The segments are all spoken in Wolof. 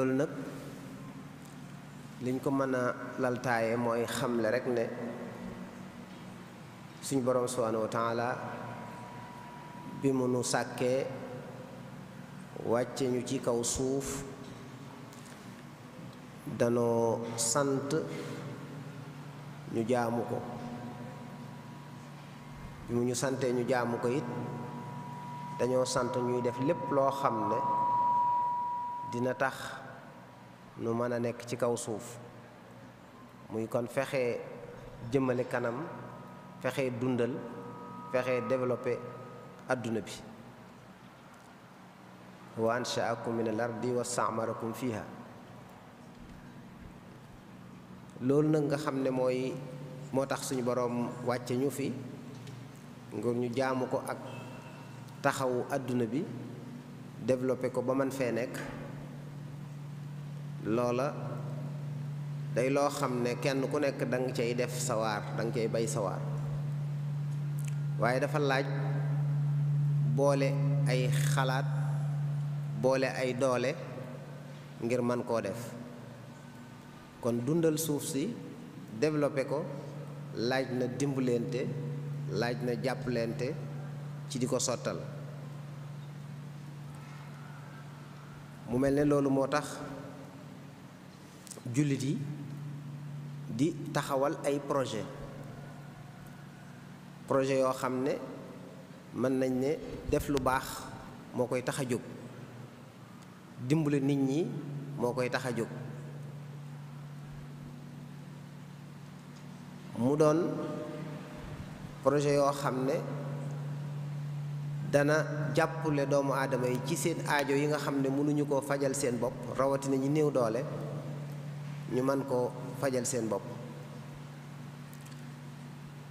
loolu nag liñ ko mën a laltaaye mooy xamle rekk ne suñ borom subhanahu wa bi mu nu sàkkee wàcce ñu ci kaw suuf danoo sant ñu jaamu ko bi mu ñu santee ñu jaamu ko it dañoo sant ñuy def lépp loo xam ne dina tax nu mën a nekk ci kaw suuf muy kon fexe jëmmale kanam fexe dundal fexe développé àdduna bi wa anshaakum min al ardi wa staamarakum fiha loolu nag nga xam ne mooy moo tax suñu boroom wàcce ñu fi ngir ñu jaamu ko ak taxawu àdduna bi développé ko ba man fee nekk loola day loo xam ne kenn ku nekk danga cay def sawaar danga nga cay bay sawar waaye dafa laaj boole ay xalaat boole ay doole ngir man koo def kon dundal suuf si développé ko laaj na dimbalante laaj na jàpp lente ci di ko sottal mu mel ne loolu moo tax jullit yi di taxawal ay projet projet yoo xam ne mën nañ ne def lu baax moo koy tax a jóg dimbali nit ñi moo koy tax a jóg mu doon projet yoo xam ne dana jàppale doomu aadama yi ci seen aajo yi nga xam ne mënuñu koo fajal seen bopp rawatina ñi néew doole ñu mën koo fajal seen bopp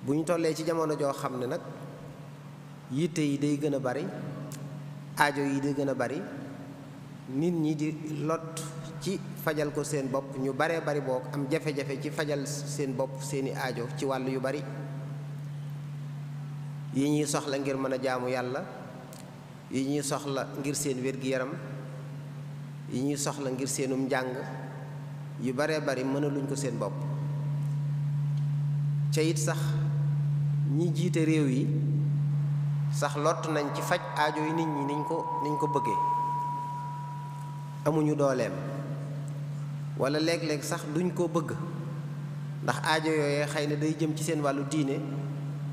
bu ñu tollee ci jamono joo xam ne nag yitte yi day gën a bari aajo yi day gën a bari nit ñi di lott ci fajal ko seen bopp ñu baree bari boo am jafe-jafe ci fajal seen bopp seeni aajo ci wàll yu bari yi ñuy soxla ngir mën a jaamu yàlla yi ñuy soxla ngir seen wér-gi-yaram yi ñuy soxla ngir seenum njàng yu baree bari mënaluñ ko seen bopp ca it sax ñi jiite réew yi sax lott nañ ci faj aajo yi nit ñi niñ ko niñ ko bëggee amuñu dooleem wala léeg-léeg sax duñ ko bëgg ndax aajo yooyee xëy na day jëm ci seen wàllu diine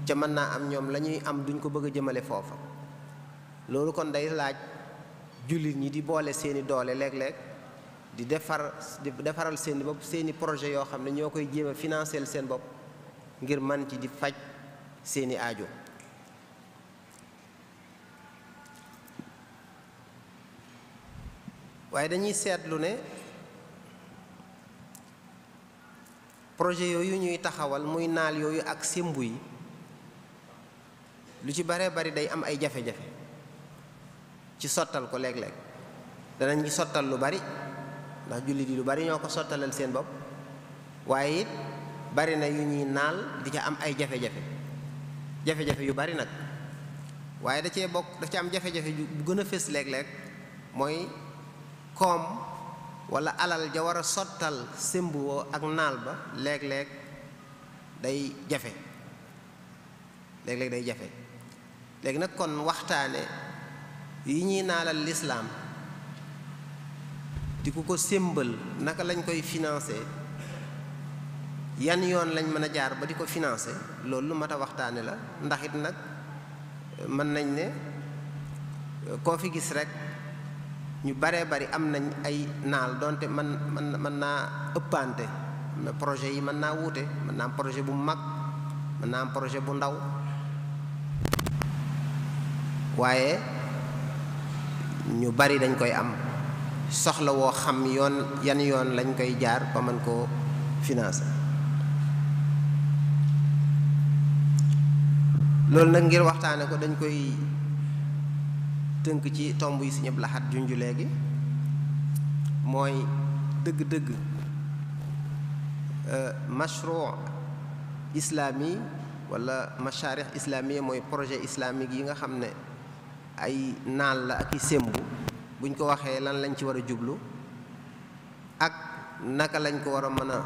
ca mën naa am ñoom lañuy am duñ ko bëgg a jëmale foofa loolu kon day laaj jullit ñi di boole seeni doole léeg-léeg di defar di defaral seen bopp seeni projet yoo xam ne ñoo koy jéem a seen bopp ngir man ci di faj seeni aajo waaye dañuy seetlu ne projet yooyu ñuy taxawal muy naal yooyu ak simbu yi lu ci baree bari day am ay jafe-jafe ci sottal ko léeg-léeg danañ sottal lu bari ndax jullit yi bari ñoo ko sottalal seen bopp waaye it bari na yu ñuy naal di ca am ay jafe-jafe jafe-jafe yu bari nag waaye da cee bokk da ca am jafe-jafe bu gën a fës léeg-léeg mooy koom wala alal ja a sottal sémbuwoo ak naal ba léeg-léeg day jafe léeg day jafe léegi nag kon waxtaane yi ñuy naalal lislaam di ku ko sémbal naka lañ koy financé yan yoon lañ mën a jaar ba di ko financé loolu mat a waxtaane la ndaxit nag mën nañ ne koo fi gis rek ñu baree bari am nañ ay naal donte man man mën naa ëppante na projet yi mën naa wuute mën naa projet bu mag mën naa projet bu ndaw waaye ñu bari dañ koy am soxla woo xam yoon yan yoon lañ koy jaar ba mën koo financer loolu nag ngir waxtaane ko dañ koy tënk ci tomb yi Sëñ Abdou Lahad junj léegi mooy dëgg-dëgg euh, mashruu islami walla masharih islamiya mooy projet islamique yi nga xam ne ay naal la ak i sémbu buñ ko waxee lan lañ ci war a jublu ak naka lañ ko war a mën a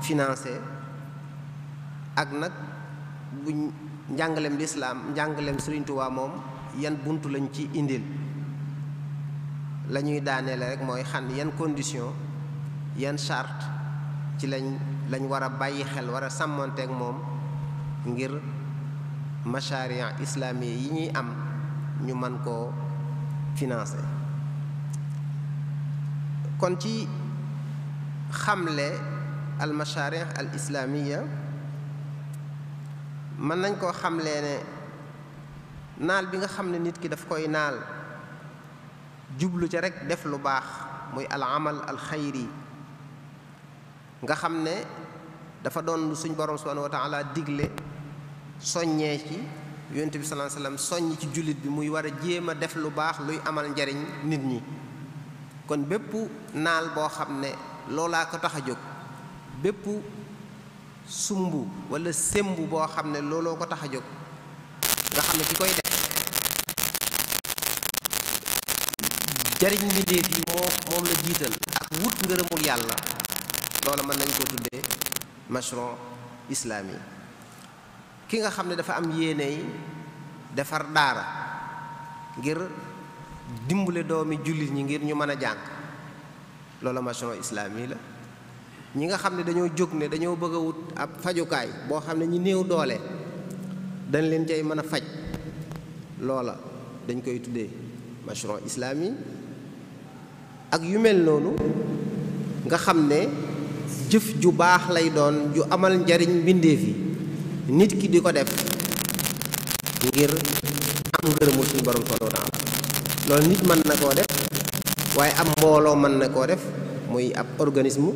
financer ak nag buñ njàngaleem lislaam njàngaleem Sëriñ Tuubaa moom yan buntu lañ ci indil la ñuy daaneele rek mooy xam yan condition yan charte ci lañ lañ war a bàyyi xel war a sàmmanteeg moom ngir macharia islamiye yi ñuy am ñu mën koo financer kon ci xamle al masharih al islamiya mën nañ koo xamlee ne naal bi nga xam ne nit ki daf koy naal jublu ca rek def lu baax muy al amal al xayri nga xam ne dafa doon suñ borom subhanahu wa digle soññee ci yonent bi sallallahu alayhi soññ ci jullit bi muy war a jéem a def lu baax luy amal njariñ nit ñi kon bépp naal boo xam ne loolaa ko tax a jóg bépp sumb wala sémb boo xam ne looloo ko tax a jóg nga xam ne ki koy def jariñ mbindéef yi moom la jiital ak wut ngërëmul yàlla loola mën nañ ko tuddee mashron islaam yi ki nga xam ne dafa am yéene defar daara ngir dimbale doomi jullit ñi ngir ñu mën a jàng loolu mission islaam yi la ñi nga xam ne dañoo jóg ne dañoo bëgg a wut ab fajukaay boo xam ne ñi néew doole dañ leen cay mën a faj loola dañ koy tuddee mission islaam yi ak yu mel noonu nga xam ne jëf ju baax lay doon ju amal njariñ mbindeef nit ki di ko def ngir am ngërëmu suñu borom solo loolu nit mën na koo def waaye ab mbooloo mën na koo def muy ab organisme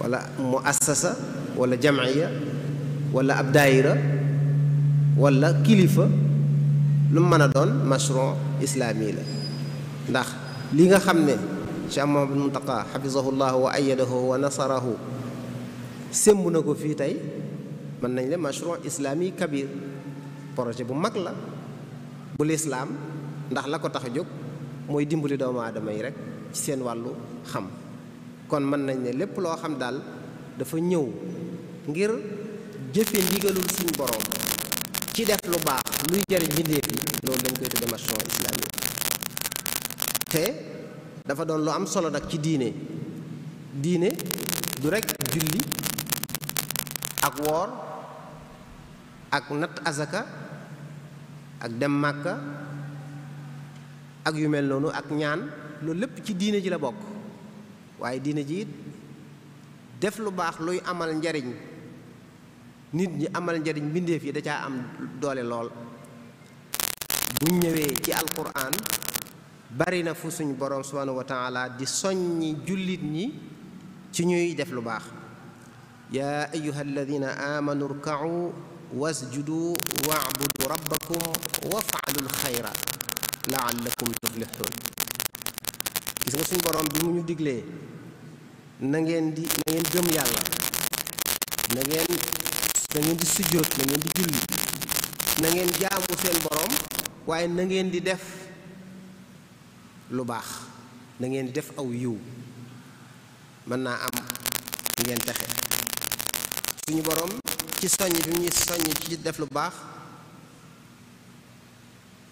wala mu assasa walla jamiya wala ab daayira wala kilifa lu mën a doon mashron islaami la ndax li nga xam ne Cheikh Mouhamadou Mountakha xafizahullahu wa ayadahu wa nasarahu sémb na ko fii tey mën nañ le mashron islaami kabir projet bu mag la bu lislaam ndax la ko tax a jóg mooy dimbali doomu aadama yi rek ci seen wàllu xam kon mën nañ ne lépp loo xam daal dafa ñëw ngir jëfe ndigalul suñ borom ci def lu baax luy jëriñ mbindeef yi loolu lañ koy tudde mission te dafa doon lu am solo nag ci diine diine du rek julli ak woor ak natt azaka ak dem màkka ak yu mel noonu ak ñaan loolu lépp ci diine ji la bokk waaye diine ji def lu baax luy amal njariñ nit ñi amal njariñ mbindeef yi da am doole lool bu ñëwee ci alquran bari na fu suñ borom subhanahu wa taala di soññi jullit ñi ci ñuy def lu baax yaa ayuha alladina amanu rkau wasjudu waabudu rabbakum wafaalul xayra laallakum tuflixuun gis nga suñu borom bi mu ñu diglee na ngeen di na ngeen gëm yàlla na di sujjóot na di julli na ngeen jaamu seen borom waaye na ngeen di def lu baax na ngeen di def aw yiw mën naa am ngeen texe suñu borom ci soññ bi ñuy soññ ci def lu baax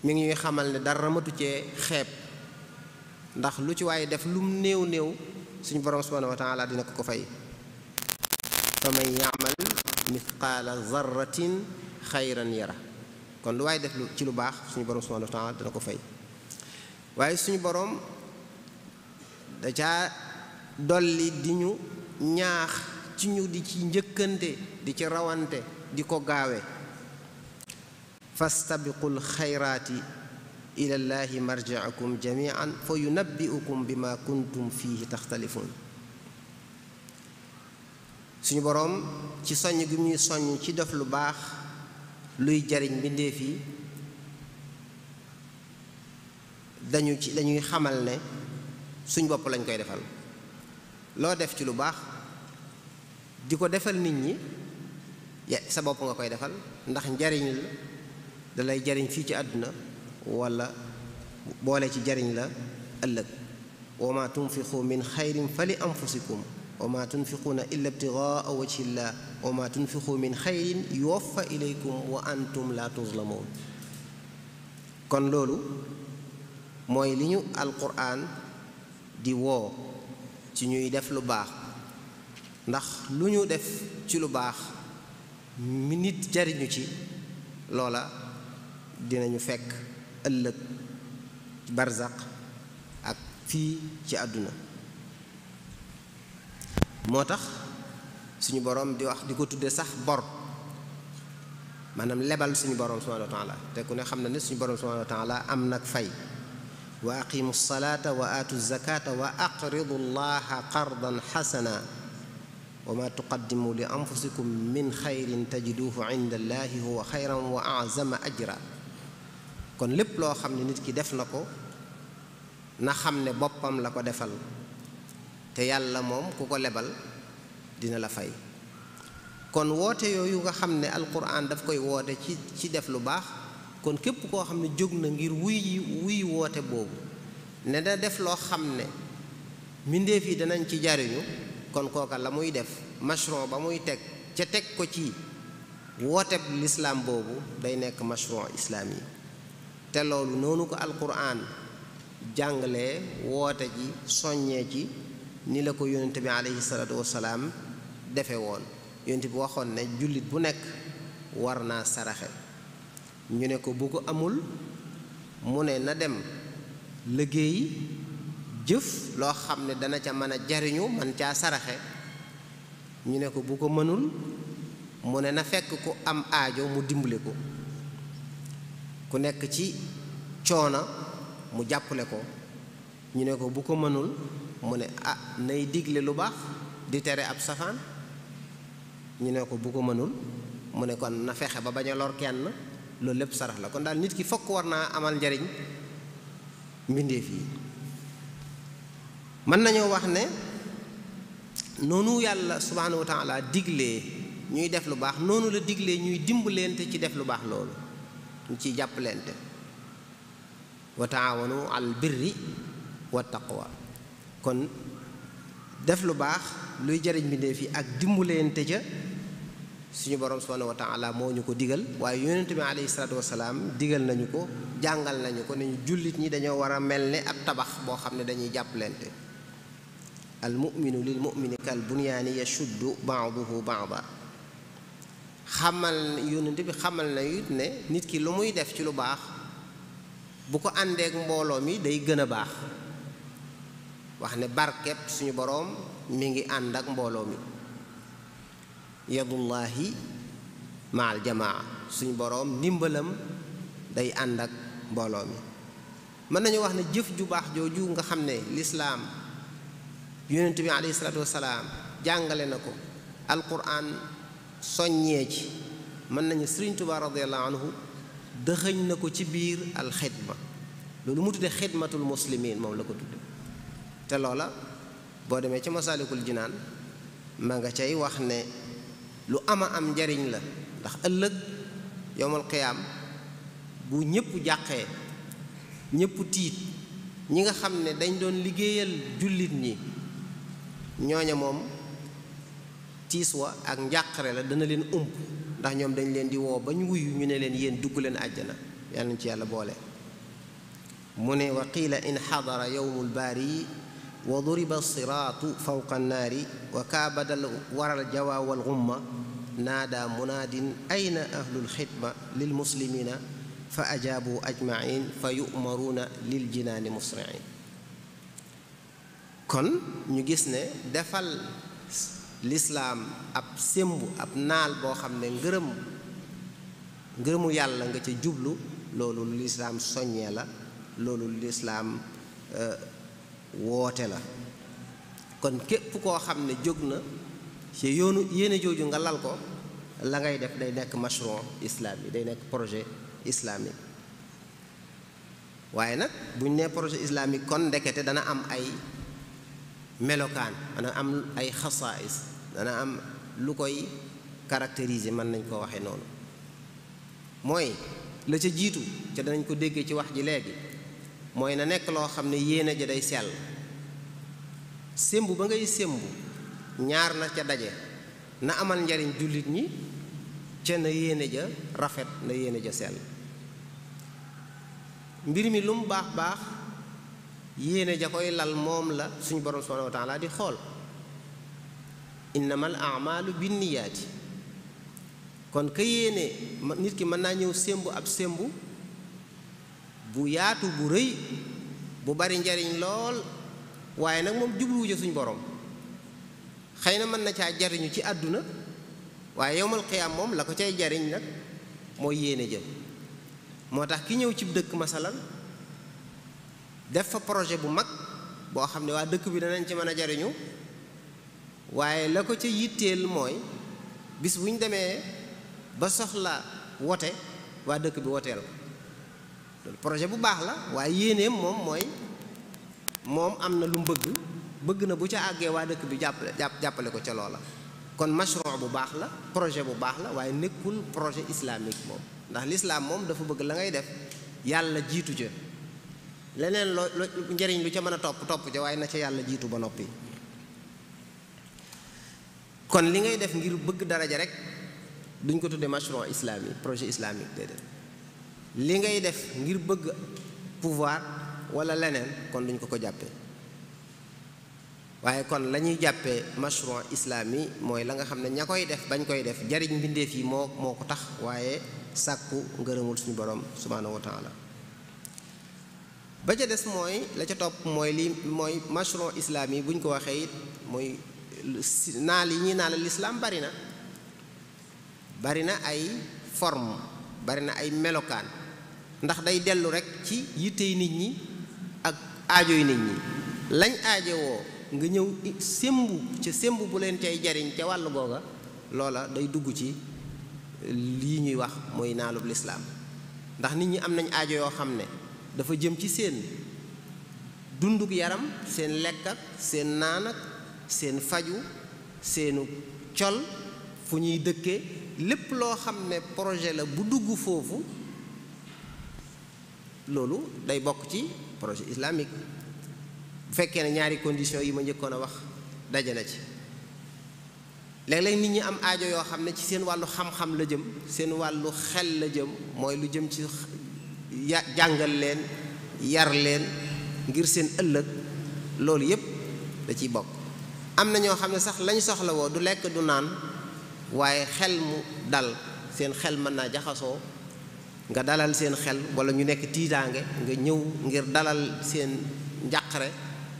mi ngi ñuy xamal ne dara matu cee xeeb ndax lu ci waaye def lum néew néew suñu borom subhanahu wa taala dina ko ko fay fa man yaamal mithqaala zarratin xayran yara kon lu waaye def lu ci lu baax suñu borom subhanahu wa taala dina ko fay waaye suñu borom da caa dolli di ñu ñaax ci ñu di ci njëkkante di ci rawante di ko gaawe fastabiqul xayraati ilallaahi marjiakum jamian fa yunabbiukum bi ma kuntum fiihi taxtalifuun suñu boroom ci soññ gi ñuy soññ ci def lu baax luy jariñ mbindéef yi dañu ci dañuy xamal ne suñ bopp lañ koy defal loo def ci lu baax di ko defal nit ñi sa bopp nga koy defal ndax njariñ la da jariñ fii ci àdduna walla boole ci jariñ la ëllëg wa ma tunfiqu min xayrin fa li anfusikum wa ma tunfiquuna illa ibtigaa wajhillah wa ma tunfiqu min xayrin yuwaffa ilaykum wa antum la tuzlamun kon loolu mooy li ñu alquran di woo ci ñuy def lu baax ndax lu ñu def ci lu baax mi nit jariñu ci loola dinañu fekk ëllëg barzaq ak fii ci àdduna moo tax suñu boroom di wax di ko tudde sax bor maanaam lebal suñu borom subhanahu wa taala te ku ne xam na ne suñu boroom subhanahu wa taala am nag fay wa aqimu salaata wa aatu zakata wa aqridu llaha qardan xasana wa ma tuqaddimu li min xayrin tajiduhu inda allahi huwa xayran wa ajra kon lépp loo xam ne nit ki def na ko na xam ne boppam la ko defal te yàlla moom ku ko lebal dina la fay kon woote yooyu nga xam ne alquran daf koy woote ci ci def lu baax kon képp koo xam ne jóg na ngir wuy wuy woote boobu ne da def loo xam ne mbindeef yi danañ ci jariñu kon kooka la muy def mashron ba muy teg ca teg ko ci wooteb lislaam boobu day nekk mashron islaam yi te loolu noonu ko alquran jàngale woote ji soññee ci ni la ko yonent bi aleyhi salaatu wasalaam defe woon yonent bi waxoon ne jullit bu nekk war naa saraxe ñu ne ko bu ko amul mu ne na dem liggéey jëf loo xam ne dana ca mën a jariñu man caa saraxe ñu ne ko bu ko mënul mu ne na fekk ku am aajo mu dimbale ko ku nekk ci coona mu jàppale ko ñu ne ko bu ko mënul mu ne ah nay digle lu baax di tere ab safaan ñu ne ko bu ko mënul mu ne kon na fexe ba bañ a lor kenn loolu lépp sarax la kon daal nit ki fokk war naa amal njariñ mbindeef yi mën nañoo wax ne noonu yàlla subhaanahu wa taala diglee ñuy def lu baax noonu la digle ñuy dimbalante ci def lu baax loolu ñu ciy jàppalente wa taawanu al birri wa kon def lu baax luy jëriñ mbindéef yi ak dimbulente ca suñu borom subhanahu wa taala moo ñu ko digal waaye yonente bi alayhi salaatu wasalaam digal nañu ko jàngal nañu ko ne ñu jullit ñi dañoo war a mel ne ab tabax boo xam ne dañuy jàppalante al muminu lil mumini kal bunyaani yashuddu baaduhu baada xamal yonent bi xamal na it ne nit ki lu muy def ci lu baax bu ko àndeek mbooloo mi day gën a baax wax ne barkeb suñu boroom mi ngi ànd ak mbooloo mi yadullahi ma jamaa suñu boroom ndimbalam day ànd ak mbooloo mi mën nañu wax ne jëf ju baax jooju nga xam ne lislaam yonent bi alayhi salaatu wasalaam jàngale na ko alquran soññee ci mën nañu Sëriñ Tuubaa radiyallaahu anhu dëxëñ na ko ci biir al xidma loolu mu tuddee xidmatul muslimin moom la ko tudde te loola boo demee ci masaalikul jinaan ma nga cay wax ne lu ama am njariñ la ndax ëllëg yowmal qiyaam bu ñëpp jàqee ñëpp tiit ñi nga xam ne dañ doon liggéeyal jullit ñi ñooña moom tiis wa ak njàqare la dana leen ump ndax ñoom dañ leen di woo bañ wuyu ñu ne leen yéen dugg leen àjjana yàlla nañ ci yàlla boole mu ne wa qiila in xadara yowmul baari wa duriba siraatu fawqa annaari wa kaabadal waral jawaa wal gumma naadaa munaadin ayna ahlul xidma lil muslimiina fa ajaabu ajmain fa yumaruuna lil jinaani musriin kon ñu gis ne defal lislaam ab sémb ab naal boo xam ne ngërëm ngërëmu yàlla nga ca jublu loolu lu lislaam soññee la loolu lu lislaam euh, woote la kon képp koo xam ne jóg na ci yoonu yéene jooju nga lal ko la ngay def day nekk islaam islami day nekk projet islamique waaye nag buñ nee projet islamique kon ndekete dana am ay melokaan dana am ay is dana am lu koy caractériser mën nañ koo waxee noonu mooy la ca jiitu ca danañ ko déggee ci wax ji léegi mooy na nekk loo xam ne yéene ja day sell sémb ba ngay sémb ñaar na ca daje na amal njariñ jullit ñi ca na yéene ja rafet na yéene ja sell mbir mi lu mu baax baax yéene ja koy lal moom la suñu borom subhanahu wa laa di xool innamal amalu binniyaati kon ka yéene nit ki mën naa ñëw sémbu ab sémbu bu yaatu bu rëy bu bari njariñ lool waaye nag moom jubluwu ja suñ borom xëy na mën na caa jariñu ci àdduna waaye yowmal xiyaam moom la ko cay jariñ nag mooy yéene jëm moo tax ki ñëw ci dëkk masalan def fa projet bu mag boo xam ne waa dëkk bi danañ ci mën a jariñu waaye la ko ca yitteel mooy bis bu ñu demee ba soxla wote waa dëkk bi woteel ko projet bu baax la waaye yéeneem moom mooy moom am na lu mu bëgg bëgg na bu ca àggee waa dëkk bi jàpp jàppale ko ca loola kon mashru' bu baax la projet bu baax la waaye nekkul projet islamique moom ndax lislaam moom dafa bëgg la ngay def yàlla jiitu ca leneen loo njëriñ lu ca mën a topp topp ca waaye na ca yàlla jiitu ba noppi kon li ngay def ngir bëgg daraja rek duñ ko tuddee mashron islamique projet islamique déedéet li ngay def ngir bëgg pouvoir wala leneen kon duñ ko ko jàppee waaye kon lañuy ñuy jàppee mashron islami mooy la nga xam ne ña koy def bañ koy def jariñ mbindeef yi moo ko tax waaye sàkku ngërëmul suñu borom subhaanahu wa ba ca des mooy la ca topp mooy li mooy mashron islami buñ ko waxee it mooy naal yi ñuy naal lislaam bari na bari na ay forme bari na ay melokaan ndax day dellu rekk ci yittey nit ñi ak aajoy nit ñi lañ aajowoo nga ñëw sémbu ca sémb bu leen cay jariñ ca wàllu googa loola day dugg ci lii ñuy wax mooy naalub lislaam ndax nit ñi am nañ aajo yoo xam ne dafa jëm ci seen dunduk yaram seen lekk ak seen naan ak seen faju seenu col fu ñuy dëkkee lépp loo xam ne projet la bu dugg foofu loolu day bokk ci projet islamique bu fekkee ne ñaari condition yi ma njëkkoon a wax daje na ci léeg-léeg nit ñi am aajo yoo xam ne ci seen wàllu xam-xam la jëm seen wàllu xel la jëm mooy lu jëm ci ya jàngal leen yar leen ngir seen ëllëg loolu yépp la ciy bokk am na ñoo xam ne sax lañu soxla woo du lekk du naan waaye xel mu dal seen xel mën naa jaxasoo nga dalal seen xel wala ñu nekk tiitaange nga ñëw ngir dalal seen njàqare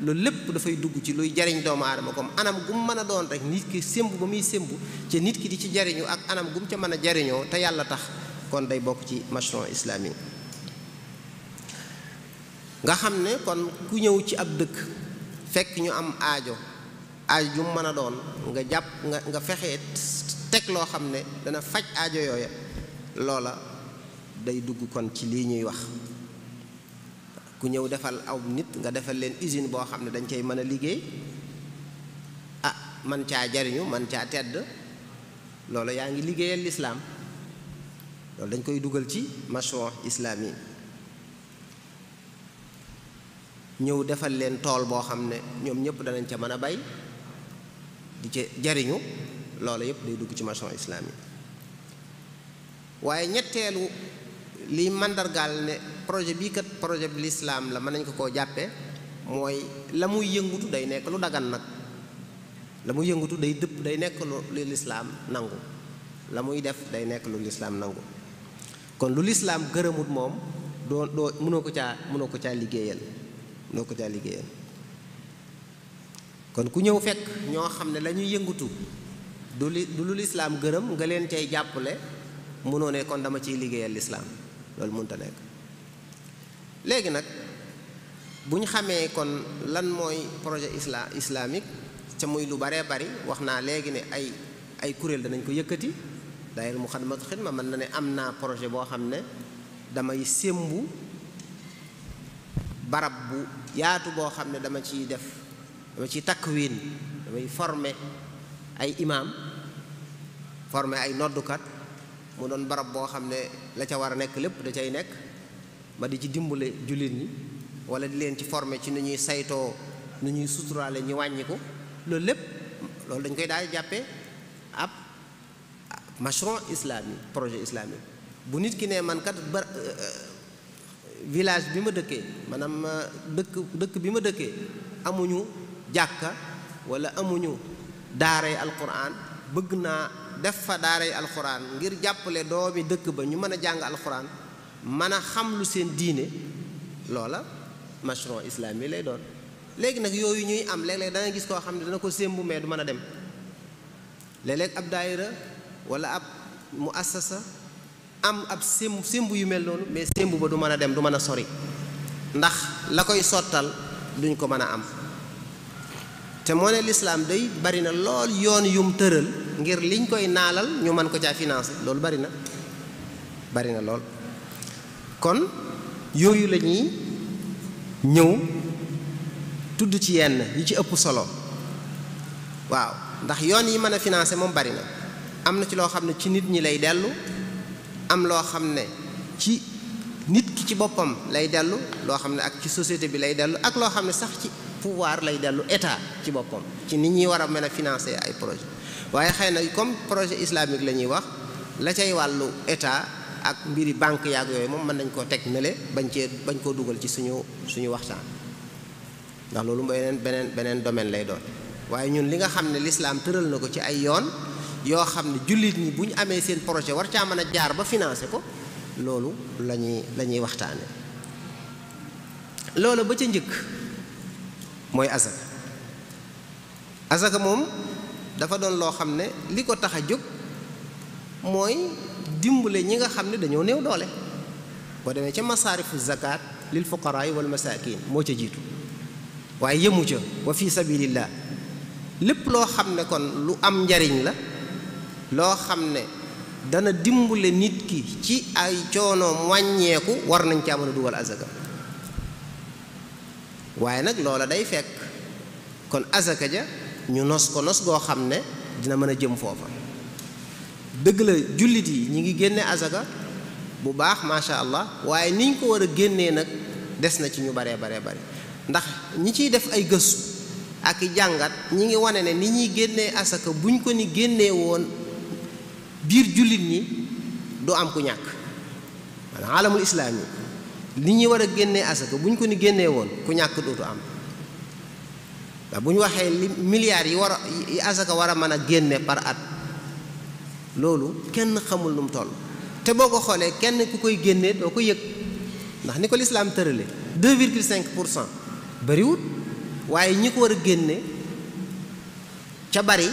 loolu lépp dafay dugg ci luy jariñ doomu aadama comme anam gum mën a doon rek nit ki sémb ba muy sémb ca nit ki di ci jariñu ak anam gum mu ca mën a jariñoo te yàlla tax kon day bokk ci mashron islami nga xam ne kon ku ñëw ci ab dëkk fekk ñu am aajo aaj ju mu mën a doon nga jàpp nga nga fexe teg loo xam ne dana faj aajo yooya loola day dugg kon ci lii ñuy wax ku ñëw defal aw nit nga defal leen usine boo xam ne dañ cay mën a liggéey ah man caa jariñu man caa tedd loola yaa ngi liggéeyal lislaam loolu dañ koy dugal ci mashron islaam yi ñëw defal leen tool boo xam ne ñoom ñëpp danañ ca mën a bay di ca jariñu loolu yëpp day dugg ci maçon islam yi waaye ñetteelu liy màndargaal ne projet bii kat projet bi lislaam la mën nañ ko koo jàppe mooy la muy yëngutu day nekk lu dagan nag la muy yëngutu day dëpp day nekk lu lislaam nangu la muy def day nekk lu lislaam nangu kon lu lislaam gërëmut moom doo doo mënoo ko caa mënoo ko caa liggéeyal mënoo ko caa liggéeyal kon ku ñëw fekk ñoo xam ne lañuy ñuy du lu lislaam gërëm nga leen cay jàppale mënoo ne kon dama ciy liggéeyal lislaam loolu mënta nekk léegi nag bu ñu xamee kon lan mooy projet islaam islamique ca muy lu baree bari wax naa léegi ne ay ay kuréel danañ ko yëkkati daayira Muxaddamatul Xidma mën na ne am naa projet boo xam ne damay sémbu barab bu yaatu boo xam ne dama ciy def dama ci takwin damay former ay imaam former ay noddukat mu doon barab boo xam ne la ca war a nekk lépp da cay nekk ma di ci dimbale jullit ñi wala di leen ci former ci nu ñuy saytoo nu ñuy suturaale ñu wàññiku loolu lépp loolu dañ koy daal jàppe ab mashron islamique projet islaami bu nit ki ne mankat kat euh, euh, village bi ma dëkkee maanaam euh, dëkk dëkk bi ma dëkkee amuñu jàkka wala amuñu daaray alquran bëgg naa def fa daaray alquran ngir jàppale doomi dëkk ba ñu mën a jàng alquran mën a xam lu seen diine loola mashron islaam yi lay doon léegi nag yooyu ñuy am léeg-léeg da gis koo xam ne dana ko sémbu mais du mën a dem léeg-léeg ab daayira wala ab mu assasa am ab sémb sémb yu mel loolu mais sémb ba du mën a dem du mën a sori ndax la koy sottal duñ ko mën a am te moo ne lislaam day bari na lool yoon yum tëral ngir liñ koy naalal ñu mën ko caa financé loolu bari na bari na lool kon yooyu la ñuy ñëw tudd ci yenn yi ci ëpp solo waaw ndax yoon yi mën a financé moom bari na am na ci loo xam ne ci nit ñi lay dellu am loo xam ne ci nit ki ci boppam lay dellu loo xam ne ak ci société bi lay dellu ak loo xam ne sax ci pouvoir lay dellu état ci boppam ci ni ñi war a mën a financer ay projet waaye xëy na comme projet islamique la ñuy wax la cay wàllu état ak mbiri banque yaag yooyu moom mën nañ koo teg nele bañ cee bañ koo dugal ci suñu suñu waxtaan ndax loolu mooy beneen beneen beneen domaine lay doon waaye ñun li nga xam ne lislaam tëral na ko ci ay yoon yoo xam ne jullit ñi bu ñu amee seen projet war caa mën a jaar ba financer ko loolu la ñuy la ñuy waxtaane loolu ba ca njëkk mooy asaka asaka moom dafa doon loo xam ne li ko tax a jóg mooy dimbale ñi nga xam ne dañoo néew doole boo demee ca masaarifu zakat lil fuqaraay wal masaakin moo ca jiitu waaye yëmu ca wa fi sabilillah lépp loo xam ne kon lu am njariñ la loo xam ne dana dimbale nit ki ci ay coonoom wàññeeku war nañ caa mën a dugal asaka waaye nag loola day fekk kon asaka ja ñu nos ko nos goo xam ne dina mën a jëm foofa dëgg la jullit yi ñi ngi génne asaka bu baax macha allah waaye niñ ko war a génnee nag des na ci ñu baree baree bari ndax ñi ciy def ay gëstu ak i jàngat ñi ngi wane ne ni ñuy génnee asaka buñ ko ni génnee woon biir jullit ñi du am ku ñàkk maanaam alamul islaam yi li ñuy war a génnee asaka bu ñu ko ni génnee woon ku ñàkk dootu am ndax bu ñu waxee li yi war a yi asaka war a mën a génne par at loolu kenn xamul nu mu te boo ko xoolee kenn ku koy génnee doo ko yëg ndax ni ko lislaam tërale 2,5 pour cent bariwut waaye ñi ko war a génne ca bari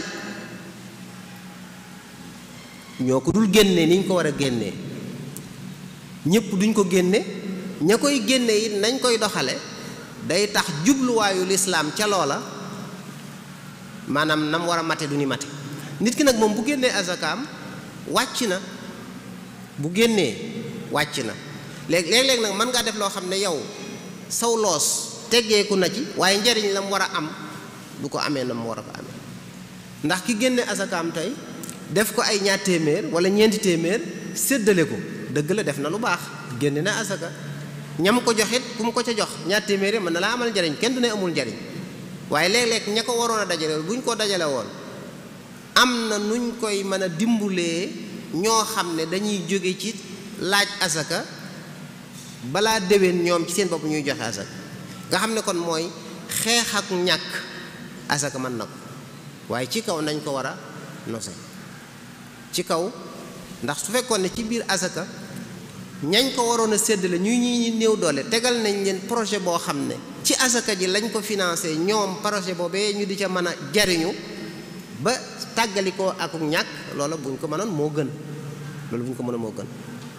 ñoo ko dul génne ni ñu ko war a génnee ñëpp duñ ko génne ña koy génne it nañ koy doxale day tax jubluwaayu lislaam ca loola maanaam nam war a mate du ni mate nit ki nag moom bu génnee azakaam wàcc na bu génnee wàcc na léegi léeg nag mën ngaa def loo xam ne yow saw loos na ci waaye njariñ la mu war a am du ko amee na mu war a ko ndax ki génne azakaam tey def ko ay ñaar téeméer wala ñeenti téeméer séddale ko dëgg la def na lu baax génne na asaka ñam ko joxit ku mu ko ca jox ñaar téeméeri mën na laa amal njariñ kenn du ne amul njariñ waaye léeg-léeg ña ko waroon a dajale bu ñu ko dajale woon am na nuñ koy mën a dimbulee ñoo xam ne dañuy jóge ci laaj asaka balaa déwén ñoom ci seen bopp ñuy joxe asaka nga xam ne kon mooy xeex ak ñàkk asaka mën na ko waaye ci kaw nañ ko war a nose ci kaw ndax su fekkoon ne ci biir asaka ñañ ko waroon a séddale ñu ñi néew doole tegal nañ leen projet boo xam ne ci asaka ji lañ ko financé ñoom projet boobee ñu di ca mën a jariñu ba tàggalikoo ak ñàkk loola buñ ko a moo gën loolu buñ ko mënoon moo gën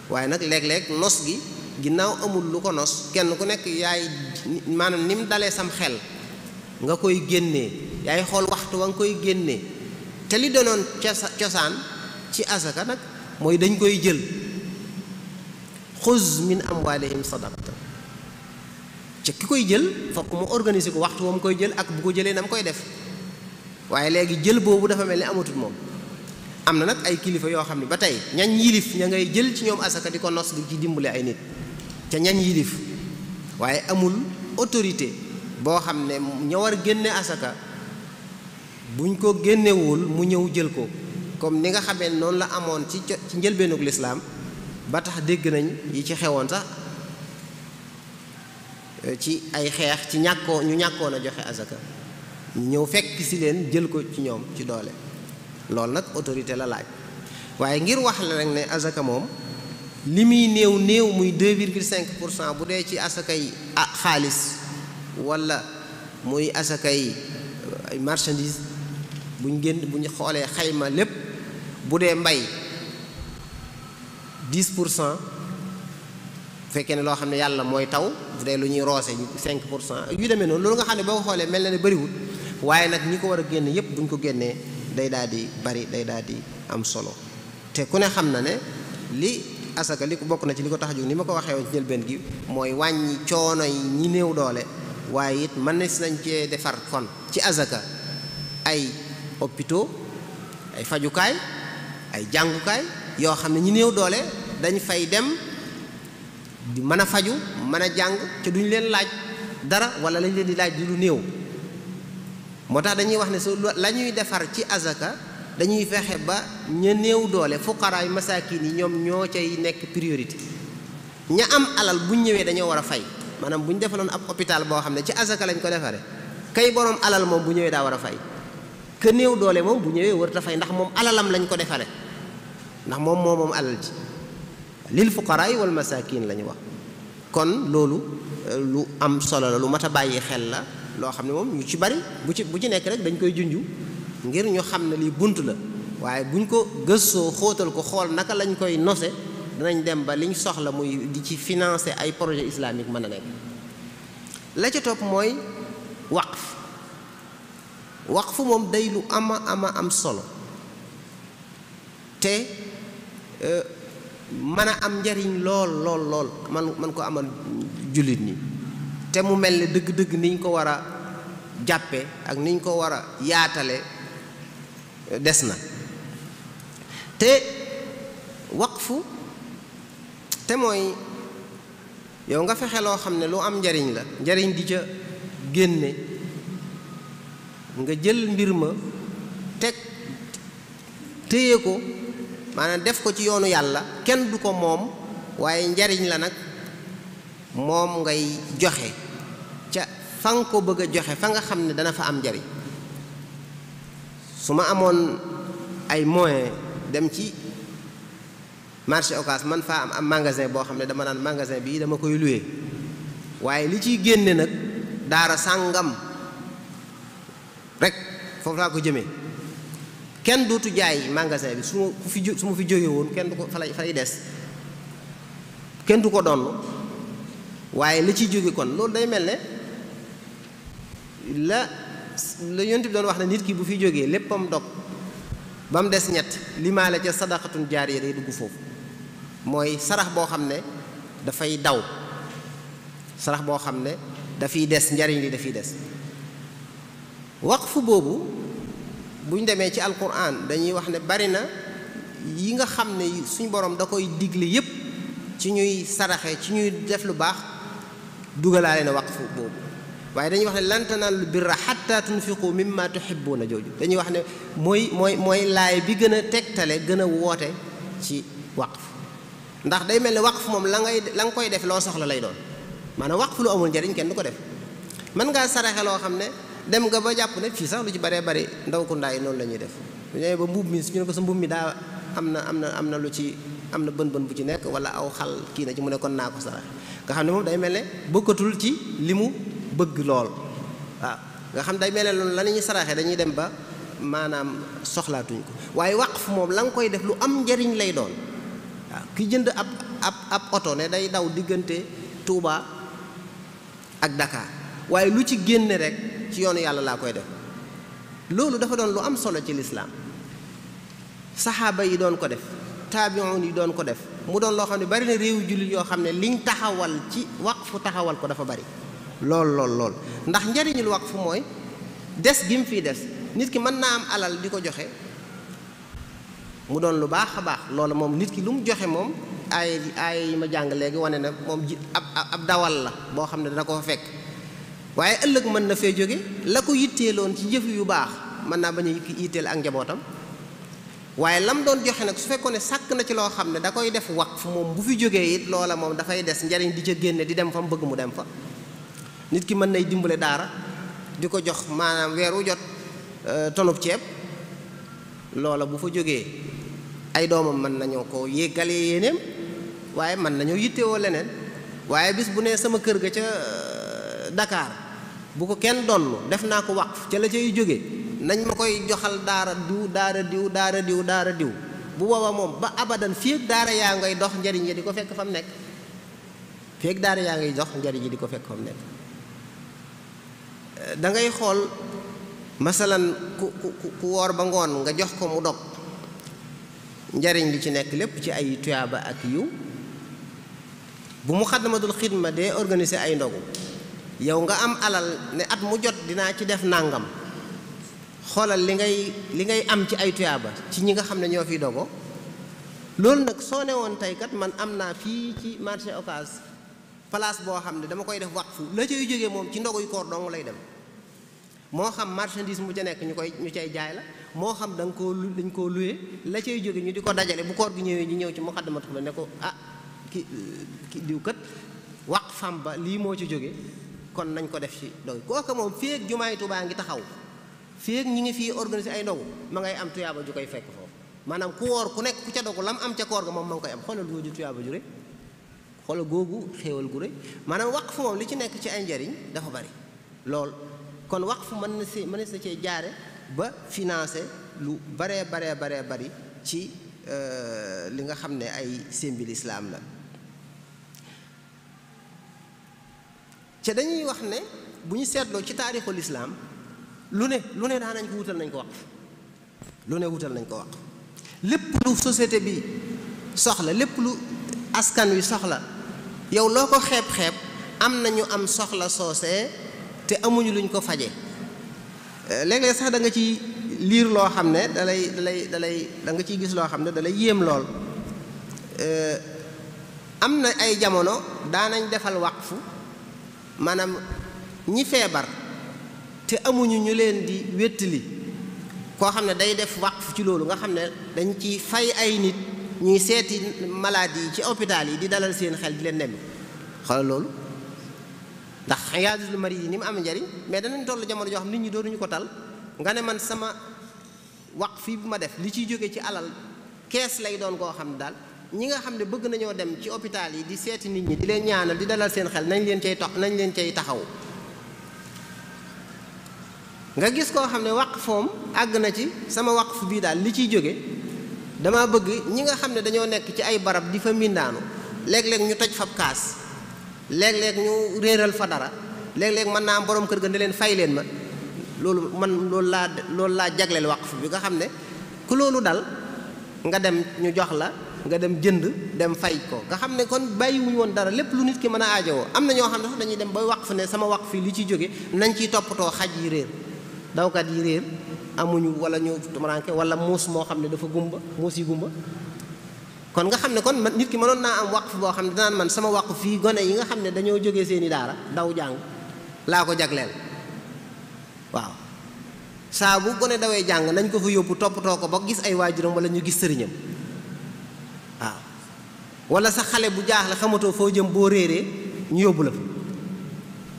waaye nag léeg-léeg nos gi ginnaaw amul lu ko nos kenn ku nekk yaay maanaam ni mu dalee sam xel nga koy génnee yaay xool waxtu wa nga koy génnee te li doonoon cosaan ci asaka nag mooy dañ koy jël xos min am amwaalihim sadaqatan ca ki koy jël fokk mu organiser ko waxtu moom koy jël ak bu ko jëlee na mu koy def waaye léegi jël boobu dafa mel ni amatut moom am na nag ay kilifa yoo xam ne ba tey ñañ yilif ña ngay jël ci ñoom asaka di ko nos di ci dimbale ay nit ca ñañ yilif waaye amul autorité boo xam ne ña war génne asaka buñ ko génnewul mu ñëw jël ko comme ni nga xamee noonu la amoon ci ci njëlbeenug lislaam ba tax dégg nañ yi ci xewoon sax eh, ci ay xeex ci ñàkkoo ñu ñàkkoon a joxe azaka ñu ñëw fekk si leen jël ko ci ñoom ci doole loolu nag autorité la laaj waaye ngir wax la rek ne azaka moom li muy néew néew muy 2,5 pour cent bu dee ci asakay ah, xaalis wala muy asakay marchandise buñ génn bu ñu xoolee xayma lépp bu dee mbay dix pour cent bu fekkee ne loo xam ne yàlla mooy taw bu dee lu ñuy roose cinq pour cent yu demee noonu loolu nga xam ne boo xoolee mel na ne bëriwul waaye nag ñi ko war a génn yépp bu ñu ko génnee day daal di bari day daal di am solo te ku ne xam na ne li asaka li ko bokk na ci li ko tax a jóg ni ma ko waxee woon ci njëlbeen gi mooy wàññi coono yi ñu néew doole waaye it mën nañ si nañ cee defar kon ci asaka ay hôpitaux ay fajukaay ay jàngukaay yoo xam ne ñu néew doole dañ fay dem di mën a faju mën a jàng te duñ leen laaj dara wala lañ leen di laaj di lu néew moo tax dañuy wax ne su la ñuy defar ci azaka dañuy fexe ba ña néew doole fuqaraay masaakin yi ñoom ñoo cay nekk priorité ña am alal buñ ñëwee dañoo war a fay maanaam bu ñu defaloon ab hôpital boo xam ne ci azaka lañ ko defaree kay borom alal moom bu ñëwee daa war a fay ke néew doole moom bu ñëwee warut fay ndax moom alalam lañ ko defaree ndax moom moo moom alal ji lil fuqaraay wal masaakin la ñu wax kon loolu euh, lu am solo la lu mat a bàyyi xel la loo xam ne moom ñu ci bari bu ci bu ci nekk rek dañ koy junju ngir ñu xam ne lii bunt la waaye buñ ko gëstoo xootal ko xool naka lañ koy nose danañ dem ba liñ soxla muy di ci financé ay projet islamique mën a nekk la ca topp mooy waqf waqfu moom day lu ama ama am solo te euh, mën a am njariñ lool lool lool man man ko amal jullit ñi te mu mel ne dëgg-dëgg niñ ko war a jàppe ak niñ ko war a yaatale eh, des na te waqfu te mooy yow nga fexe loo xam ne lu am njariñ la njariñ di ca génne nga jël mbir ma teg téye ko maanaam def ko ci yoonu yàlla kenn du ko moom waaye njariñ la nag moom ngay joxe ca fa nga ko bëgg a joxe fa nga xam ne dana fa am njariñ su ma amoon ay moyen dem ci marché Ocass man faa am am magasin boo xam ne dama naan magasin bii dama koy loué waaye li ciy génne nag daara sàngam rek foofu laa ko jëmee kenn dootu jaay yi magasin bi su ma fi su fi jóge woon kenn du ko fa lay fa des kenn du ko donn waaye la ciy jóge kon loolu day mel ne la la yonent bi doon wax ne nit ki bu fi jógee léppam dog ba mu des ñett limaale ca sadaqatun jaariya day dugg foofu mooy sarax boo xam ne dafay daw sarax boo xam ne dafay des njariñ li dafiy des waqfu boobu bu ñu demee ci alquran dañuy wax ne bari na yi nga xam ne suñ boroom da koy digle yépp ci ñuy saraxe ci ñuy def lu baax dugalaale na waqfu boobu waaye dañuy wax ne lan tanaalul birra xatta tunfiqu mimma tuhibbuuna jooju dañuy wax ne mooy mooy mooy laay bi gën a tegtale gën a woote ci waqf ndax day mel ne waqf moom la ngay la nga koy def loo soxla lay doon maanaam waqf lu amul njariñ kenn du ko def mën ngaa saraxe loo xam ne dem nga ba jàpp ne fii sax lu ci baree bari ndaw ku ndaay noonu la ñuy def bu ñëwee ba mbuub mi su ñu ne ko sa mbuub mi daa am na am na am na lu ci am na bën bën bu ci nekk wala aw xal kii na ci mu ne kon naa ko sarax nga xam ne moom day mel ne bokkatul ci li mu bëgg lool waaw nga xam day mel ne loolu la ñuy saraxee dañuy dem ba maanaam soxlaatuñ ko waaye waqf moom la nga koy def lu am njariñ lay doon waaw ki jënd ab ab ab oto ne day daw diggante Touba ak Dakar waaye lu ci génne rek ci yoonu yàlla laa koy def loolu dafa doon lu am solo ci lislaam saxaaba yi doon ko def taabiyoon yi doon ko def mu doon loo xam ne bari na réew jullit yoo xam ne liñ taxawal ci wax fu taxawal ko dafa bari lool lool lool ndax njariñul waqfu mooy des gi mu fii des nit ki mën naa am alal di ko joxe mu doon lu baax a baax loolu moom nit ki lu mu joxe moom ay ay yi ma jàng léegi wane na moom ji ab ab dawal la boo xam ne dana ko fekk waaye ëllëg mën na fee jóge la ko yitteeloon ci jëf yu baax mën naa bañ a yitteel ak njabootam waaye lam doon joxe nag su fekkoon ne sàkk na ci loo xam ne da koy def wax waqf moom bu fi jógee it loola moom dafay des njariñ di ca génne di dem fa mu bëgg mu dem fa nit ki mën nay dimbale daara di ko jox maanaam weeru jot euh, tonub ceeb loola bu fa jógee ay doomam mën nañoo ko yéggalee yéeneem waaye mën nañoo yittewoo leneen waaye bis bu nee sama kër ga ca euh, Dakar bu ko kenn donn def naa ko waqf ca la cay jóge nañ ma koy joxal daara diw daara diw daara diw daara diw bu booba moom ba abadan fii daara yaa ngay dox njariñ yi di ko fekk fa nekk feeg daara yaa ngay jox njariñ yi di ko fekk fa mu eh, xool masalan ku ku ku woor ba ngoon nga jox ko mu dog njariñ li ci nekk lépp ci ay tuyaaba ak yiw bu mu xaddamatul xidma dee organise ay ndogu yow nga am alal ne at mu jot dinaa ci def nàngam xoolal li ngay li ngay am ci ay tuyaaba ci ñi nga xam ne ñoo fi dogo loolu nag soo ne woon tey kat man am naa fii ci marché occas place boo xam ne dama koy def waqfu la jógee moom ci ndoguy koor dong lay dem moo xam marchandise mu ca nekk ñu koy ñu cay jaay la moo xam da nga koo lu dañ koo la cay jóge ñu di ko dajale bu koor gi ñëwee ñu ñëw ci muqaddamatu la ne ko ah ki diw kat waqfam ba lii moo ci jóge kon nañ ko def ci dogu kooka moom féeg jumaay baa ngi taxaw féeg ñi ngi fi organiser ay dogu ma ngay am tuyaaba ju koy fekk foofu maanaam ku woor ku nekk ku ca dogu lam am ca koor ga moom ma ngi koy am xoolal gooju tuyaaba ju rëy xoolal googu xéewal gu rëy maanaam waqf moom li ci nekk ci ay njariñ dafa bari lool kon waqf mën na si mën na cee jaare ba financer lu baree baree baree bari ci euh, li nga xam ne ay sémbi lislaam la ca dañuy wax ne bu ñu seetloo ci taarixu lislaam lu ne lu ne daanañ ko wutal nañ ko waqf lu ne wutal nañ ko waqf lépp lu société bi soxla lépp lu askan wi soxla yow loo ko xeeb-xeeb am na ñu am soxla soose te amuñu luñ ko faje euh, léeg-léeg sax danga nga ci liir loo xam ne da lay da nga ciy gis loo xam ne da yéem lool euh, am na ay jamono daanañ defal fu maanaam ñi feebar te amuñu ñu leen di wéttali koo xam ne day def waqf ci loolu nga xam ne dañ ci fay ay nit ñuy seeti malade yi ci hôpital yi di dalal seen xel di leen nemmi xoolal loolu ndax Iyaasul Mariid yi ni mu amee njariñ mais danañ toll jamono joo xam nit ñi doonuñu ko tal nga ne man sama waqf fii bu ma def li ciy jóge ci alal kees lay doon koo xam ne daal ñi nga xam ne bëgg nañoo dem ci hôpital yi di seeti nit ñi di leen ñaanal di dalal seen xel nañ leen cay tox nañ leen cay taxaw nga gis koo xam ne foom àgg na ci sama waqf bii daal li ciy jóge dama bëgg ñi nga xam ne dañoo nekk ci ay barab di fa mbindaanu léeg-léeg ñu toj fab kaas léeg-léeg ñu réeral fa dara léeg-léeg mën naa am borom kër ga ne leen fay leen ma loolu man loolu laa loolu laa jagleel waqf bi nga xam ne ku loolu dal nga dem ñu jox la nga dem jënd dem fay ko nga xam ne kon bàyyiwuñu woon dara lépp lu nit ki mën a aajowoo am na ñoo xam ne sax dañuy dem ba wax waqf ne sama waqf fii lu ci jóge nañ ciy toppatoo xaj yi réer dawkat yi réer amuñu wala ñu tumuranke wala muus moo xam ne dafa gumba muus gumba kon nga xam ne kon nit ki mënoon naa am waqf boo xam ne danaan man sama waqf fii gone yi nga xam ne dañoo jógee seeni daara daw jàng laa ko jagleel waaw saa bu gone dawee jàng nañ ko fa yóbbu toppatoo ko ba gis ay waajuram wala ñu gis sëriñam wala sa xale bu jaax jaaxle xamatoo foo jëm boo réeree ñu yóbbu la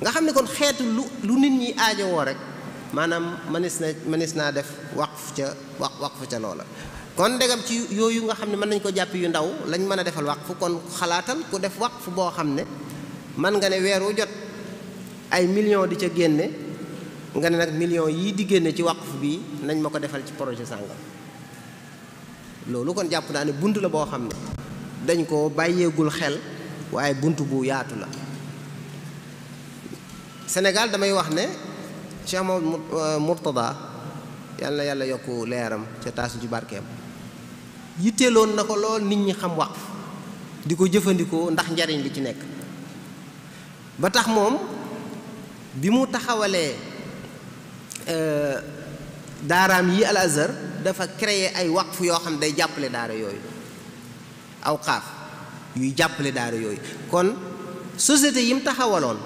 nga xam ne kon xeetu lu lu nit ñi aajowoo rek maanaam mënees na mënees naa def waqf ca wax wax waqf ca loola kon ndegam ci yooyu nga xam ne mën nañ ko jàpp yu ndaw lañ mën a defal waqf kon xalaatal ku def wax fu boo xam ne mën nga ne weer wu jot ay millions di ca génne nga ne nag million yii di génne ci waqf bii nañ ma ko defal ci projet sàngam loolu kon jàpp naa ne bunt la boo xam ne dañ ko bàyyeegul xel waaye bunt bu yaatu la Sénégal damay wax ne Cheikh Mamadou euh, Mourtada yàlla yàlla yokk leeram ca taasu ci barkeem yitteeloon na ko lool nit ñi xam waqf di ko jëfandikoo ndax njariñ li ci nekk ba tax moom bi mu taxawalee euh, daaraam yi Al dafa créer ay waqf yoo xam day jàppale daara yooyu aw awqaaf yuy jàppale daara yooyu kon société yi mu taxawaloon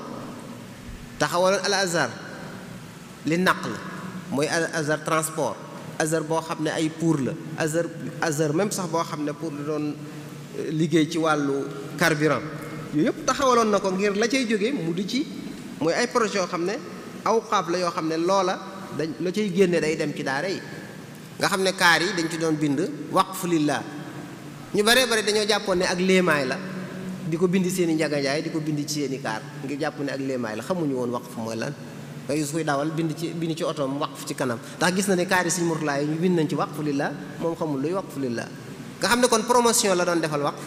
taxawaloon al azhar naq la mooy al transport azhar boo xam ne ay pour la azhar azhar même sax boo xam ne pour la doon euh, liggéey ci wàllu carburant yooyu yëpp taxawaloon na ko ngir la cay jóge mu di ci mooy ay projet yoo xam ne aw awqaaf la yoo xam ne loola dañ la cay génne day dem ci daara yi nga xam ne kaar yi dañ ci doon bind waqfu lillah ñu baree bari dañoo jàppoon ne ak léemaay la di ko bind seen i njaganjaay di ko bind ci seen kaar ngir jàpp ne ak léemaay la xamuñu woon waqf mooy lan nga gis kuy bind ci bind ci otoom waqf ci kanam ndax gis na ne kaar suñ murtalaa yi ñu bind nañ ci waqf lillah moom xamul luy waqf lillah nga xam ne kon promotion la doon defal waqf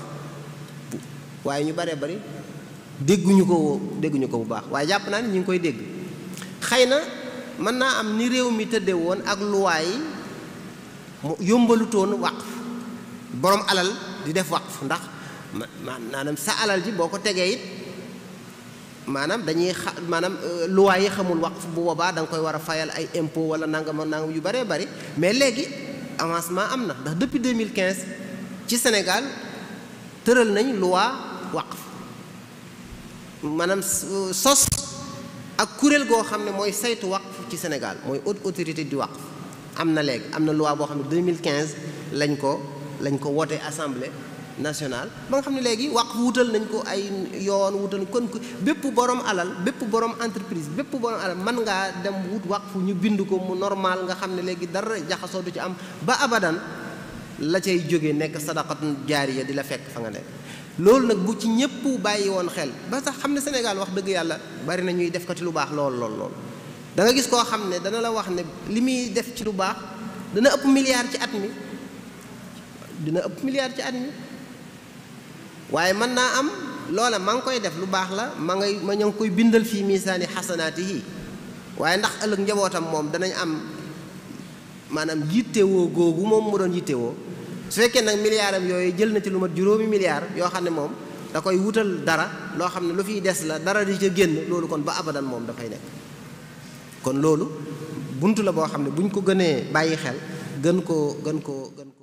ñu baree bari dégguñu ko dégguñu ko bu baax waaye jàpp naa ne ñu ngi koy dégg xëy na mën naa am ni réew mi tëdde woon ak luwaay mu yombalutoon waqf borom alal di def waqf ndax maanaam sa alal ji boo ko tegee it maanaam dañuy xa maanaam euh, luwaa yi xamul waqf bu boobaa da nga koy war a fayal ay impôt wala nangam nangam yu bëree bëri mais léegi avancement am na ndax depuis 2015 ci Sénégal tëral nañ loi waqf maanaam euh, sos ak kuréel goo xam ne mooy saytu waqf ci Sénégal mooy haute autorité di waqf am na léegi am na loi boo xam ne 2015 lañ ko. lañ ko wootee assemblée nationale ba nga xam ne léegi wax wutal nañ ko ay yoon wutal kon ko bépp borom alal bépp borom entreprise bépp borom alal mën ngaa dem wut wàq fu ñu bind ko mu normal nga xam ne léegi dara jaxasoo du ci am ba abadan la cay jóge nekk sadaqatun jaariya di la fekk fa nga nekk. loolu nag bu ci ñëpp bàyyi woon xel ba sax xam ne Sénégal wax dëgg yàlla bari na ñuy def ko ci lu baax lool lool lool da gis koo xam ne dana la wax ne li muy def ci lu baax dana ëpp milliard ci at mi. dina ëpp milliard ci at mi waaye mën naa am loola ma ngi koy def lu baax la ma ngay ma ña ngi koy bindal fii misaani xasanaatihi waaye ndax ëllëg njabootam moom danañ am maanaam yittewoo googu moom mu doon yittewoo su fekkee nag milliardam yooyu jël na ci lu ma juróomi milliard yoo xam ne moom da koy wutal dara loo xam ne lu fiy des la dara di ca génn loolu kon ba abadan moom dafay nekk kon loolu bunt la boo xam ne buñ ko gënee bàyyi xel gën koo gën koo gën